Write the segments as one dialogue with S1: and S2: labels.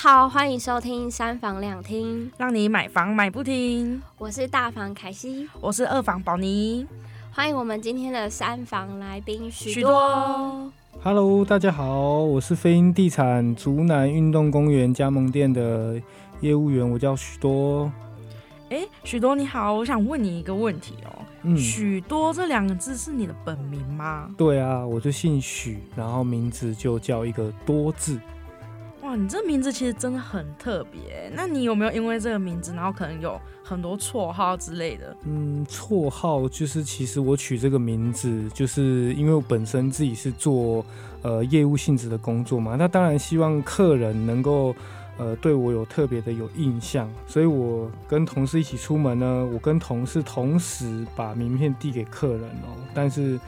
S1: 大家好，歡迎收聽三房兩廳，讓你買房買不停。我是大房凱西，我是二房寶妮，歡迎我們今天的三房來賓許多。
S2: 許多。Hello，大家好，我是飛鷹地產竹南運動公園加盟店的業務員，我叫許多。
S3: 哎、欸，許多你好，我想問你一個問題哦、喔。嗯，許多這兩個字是你的本名嗎？
S2: 對啊，我就姓許，然後名字就叫一個多字。
S3: 哦，你這名字其實真的很特別。那你有沒有因為這個名字，然後可能有很多綽號之類的？
S2: 嗯，綽號就是，其實我取這個名字，就是因為我本身自己是做呃業務性質的工作嘛。那當然希望客人能夠呃對我有特別的有印象。所以我跟同事一起出門呢，我跟同事同時把名片遞給客人哦，但是。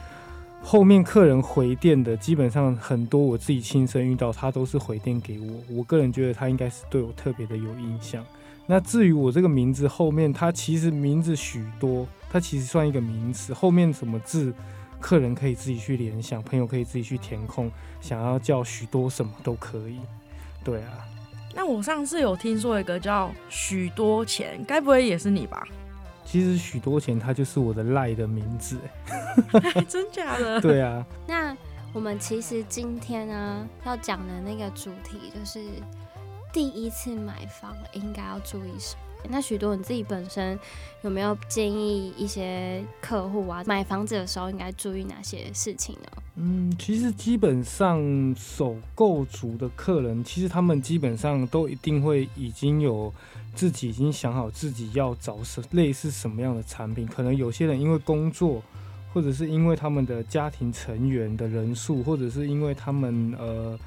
S2: 後面客人回電的基本上很多，我自己親身遇到，他都是回電給我。我個人覺得他應該是對我特別的有印象。那至於我這個名字後面，他其實名字許多，他其實算一個名詞。後面什麼字，客人可以自己去聯想，朋友可以自己去填空，想要叫許多什麼都可以。對啊，
S3: 那我上次有聽說一個叫許多錢，該不會也是你吧？
S2: 其實許多錢，它就是我的賴的名字。
S1: 真假的？ 對啊。那我們其實今天呢，要講的那個主題就是第一次買房應該要注意什麼？那許多，你自己本身有沒有建議一些客戶啊，買房子的時候應該注意哪些事情呢？嗯，
S2: 其實基本上首購族的客人，其實他們基本上都一定會已經有，自己已經想好自己要找什類似什麼樣的產品，可能有些人因為工作，或者是因為他們的家庭成員的人數，或者是因為他們呃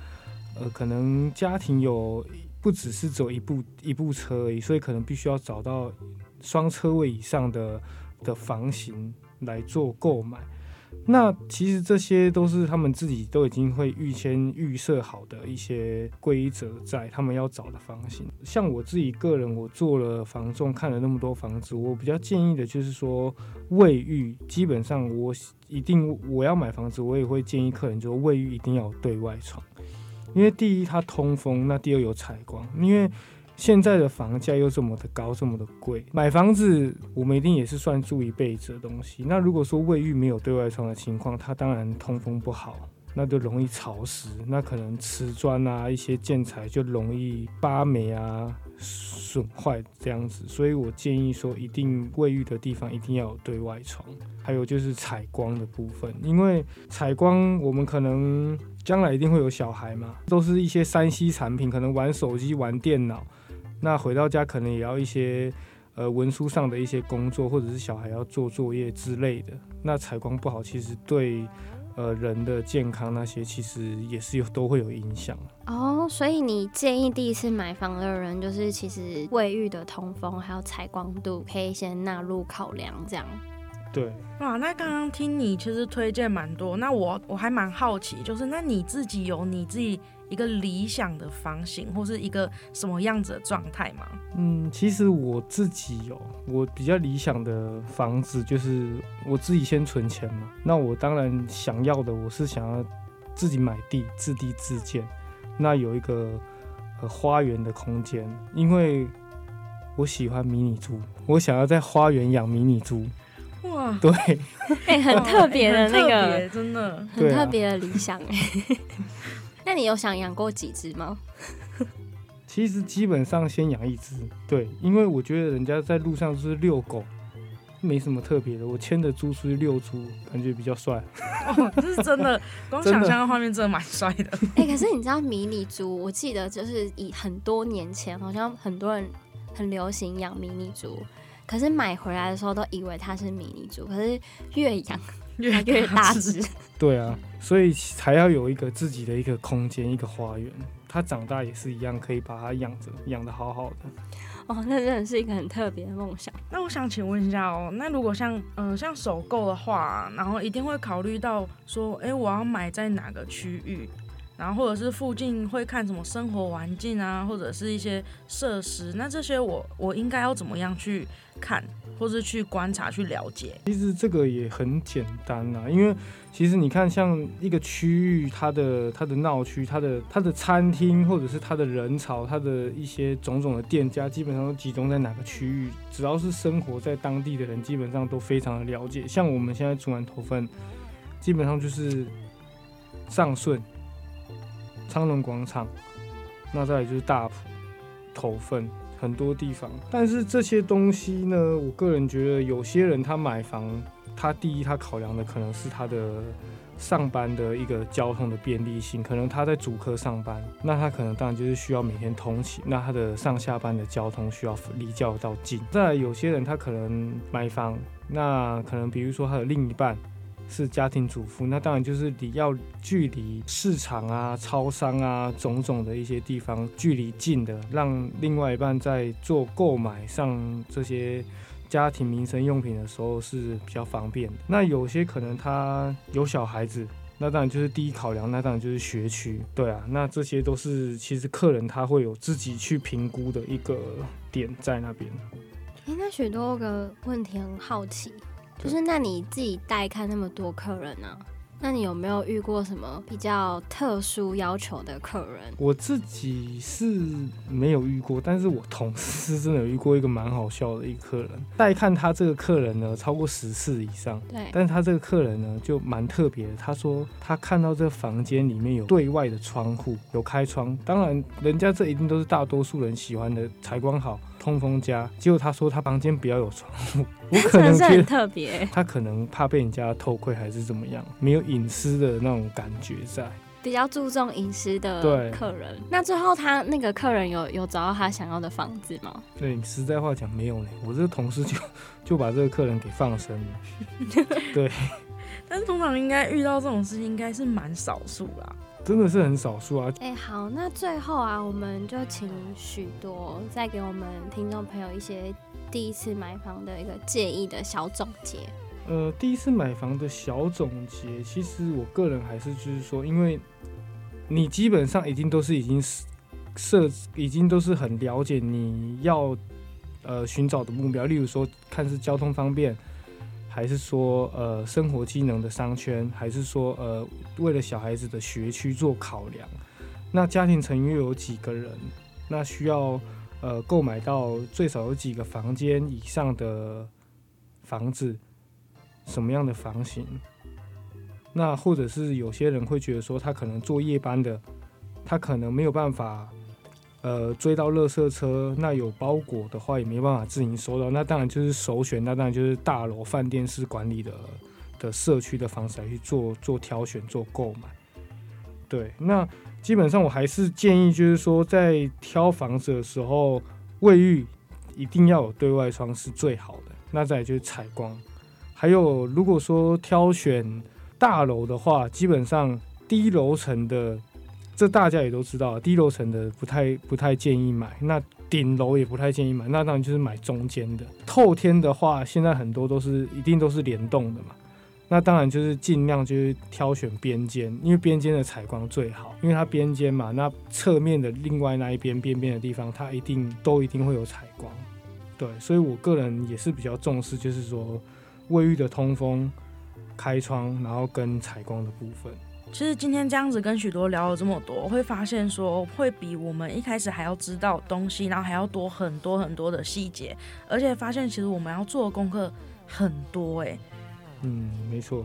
S2: 呃，可能家庭有不只是走一部一部車而已，所以可能必須要找到雙車位以上的的房型來做購買。那其實這些都是他們自己，都已經會預先預設好的一些規則，在他們要找的方向。像我自己個人，我做了房仲，看了那麼多房子，我比較建議的就是說，衛浴基本上我一定我要買房子，我也會建議客人，說衛浴一定要對外窗，因為第一它通風，那第二有採光，因為，現在的房價又這麼的高，這麼的貴，買房子我們一定也是算住一輩子的東西。那如果說衛浴沒有對外窗的情況，它當然通風不好，那就容易潮濕，那可能瓷磚啊一些建材就容易發霉啊損壞這樣子。所以我建議說，一定衛浴的地方一定要有對外窗，還有就是採光的部分，因為採光我們可能將來一定會有小孩嘛，都是一些 3C 產品，可能玩手機、玩電腦。那回到家可能也要一些，呃，文書上的一些工作，或者是小孩要做作業之類的。那採光不好，其實對，呃，人的健康那些其實也是有都會有影響。
S1: 哦，oh, 所以你建議第一次買房的人，就是其實衛浴的通風還有採光度，可以先納入考量，這樣。
S3: 對，哇，那剛剛聽你其實推薦蠻多，那我我還蠻好奇，就是那你自己有你自己一個理想的房型，或是一個什麼樣子的狀態嗎？嗯，
S2: 其實我自己有，我比較理想的房子就是我自己先存錢嘛。那我當然想要的，我是想要自己買地，自地自建，那有一個呃花園的空間，因為我喜歡迷你豬，我想要在花園養迷你豬。
S1: 對，哎、欸，很特別的那個，哦欸、真的，很特別的理想哎。啊、 那你有想養過幾隻嗎？
S2: 其實基本上先養一隻，對，因為我覺得人家在路上就是遛狗，沒什麼特別的。我牽着豬出去遛豬，感覺比較帥。哦，
S1: 這是真的，光想象的畫
S3: 面真的蠻帥的。
S1: 哎的、欸，可是你知道迷你豬？我記得就是以很多年前，好像很多人很流行養迷你豬。可是買回來的時候都以為它是迷你豬，可是越養越越大只。
S2: 對啊，所以才要有一個自己的一個空間，一個花園。它長大也是一樣，可以把它養着，養得好好的。
S3: 哦，那真的是一個很特別的夢想。那我想請問一下哦，那如果像嗯、呃、像首購的話、啊，然後一定會考慮到說，哎、欸，我要買在哪個區域？然後或者是附近會看什麼生活環境啊，或者是一些設施，那這些我我應該要怎麼樣去看，或是去觀察去了解？
S2: 其實這個也很簡單啊，因為其實你看像一個區域，它的它的鬧區，它的它的餐廳，或者是它的人潮，它的一些種種的店家，基本上都集中在哪個區域？只要是生活在當地的人，基本上都非常的了解。像我們現在竹南頭份，基本上就是尚順。昌隆廣場，那再來就是大埔、頭份很多地方，但是這些東西呢，我個人覺得有些人他買房，他第一他考量的可能是他的上班的一個交通的便利性，可能他在竹科上班，那他可能當然就是需要每天通勤，那他的上下班的交通需要離較到近。再來有些人他可能買房，那可能比如說他的另一半。是家庭主婦，那當然就是你要距離市場啊、超商啊種種的一些地方距離近的，讓另外一半在做購買上這些家庭民生用品的時候是比較方便的。那有些可能他有小孩子，那當然就是第一考量，那當然就是學區。對啊，那這些都是其實客人他會有自己去評估的一個點在那邊。
S1: 應、欸、那許多個問題很好奇。就是，那你自己帶看那麼多客人呢啊，那你有沒有遇過什麼比較特殊要求的客人？
S2: 我自己是沒有遇過，但是我同事真的有遇過一個蠻好笑的一個客人。帶看他這個客人呢，超過十次以上。對，但是他這個客人呢就蠻特別。他說他看到這個房間裡面有對外的窗戶，有開窗。當然，人家這一定都是大多數人喜歡的，採光好。通風家，結果他說他房間比較有窗戶，我可能覺得很特別。他可能怕被人家偷窺還是怎麼樣，沒有隱私的那種感覺在。
S1: 比較注重隱私的客人，對那最後他那個客人有有找到他想要的房子嗎？
S2: 對，你實在話講沒有呢。我這個同事就就把這個客人給放生了。對，
S3: 但通常應該遇到這種事情應該是蠻少數啦。
S2: 真的是很少數啊！哎，
S1: 欸、好，那最後啊，我們就請許多再給我們聽眾朋友一些第一次買房的一個建議的小總結。
S2: 呃，第一次買房的小總結，其實我個人還是就是說，因為你基本上已經都是已經設，已經都是很了解你要呃尋找的目標，例如說看是交通方便。還是說，呃，生活機能的商圈，還是說，呃，為了小孩子的學區做考量，那家庭成員有幾個人，那需要，呃，購買到最少有幾個房間以上的房子，什麼樣的房型，那或者是有些人會覺得說，他可能做夜班的，他可能沒有辦法。呃，追到垃圾車，那有包裹的話也沒辦法自行收到，那當然就是首選，那當然就是大樓飯店式管理的的社區的房子來去做做挑選做購買。對，那基本上我還是建議，就是說在挑房子的時候，衛浴一定要有對外窗是最好的，那再就是採光，還有如果說挑選大樓的話，基本上低樓層的。這大家也都知道，低樓層的不太不太建議買，那頂樓也不太建議買，那當然就是買中間的。透天的話，現在很多都是一定都是連棟的嘛，那當然就是盡量就是挑選邊間，因為邊間的採光最好，因為它邊間嘛，那側面的另外那一邊邊邊的地方，它一定都一定會有採光。對，所以我個人也是比較重視，就是說衛浴的通風、開窗，然後跟採光的部分。
S3: 其實今天這樣子跟許多聊了這麼多，會發現說，會比我們一開始還要知道東西，然後還要多很多很多的細節，而且發現其實我們要做的功課很多哎、
S1: 欸。
S2: 嗯，沒錯。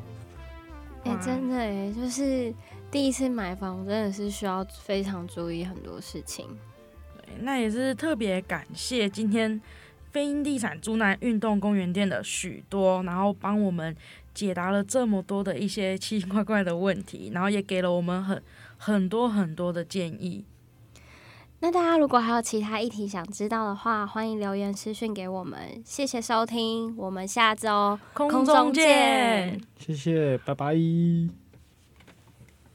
S1: 哎、欸，真的哎、欸，就是第一次買房真的是需要非常注意很多事情。對，那也是特
S3: 別感謝今天飛鷹地產竹南運動公園店的許多，然後幫我們。解答了這麼多的一些奇奇怪怪的問題，然後也給了我們很很多很多的建議。
S1: 那大家如果還有其他議題想知道的話，歡迎留言私訊給我們。謝謝收聽，我們下周空中見。空中見，
S2: 謝謝，拜拜。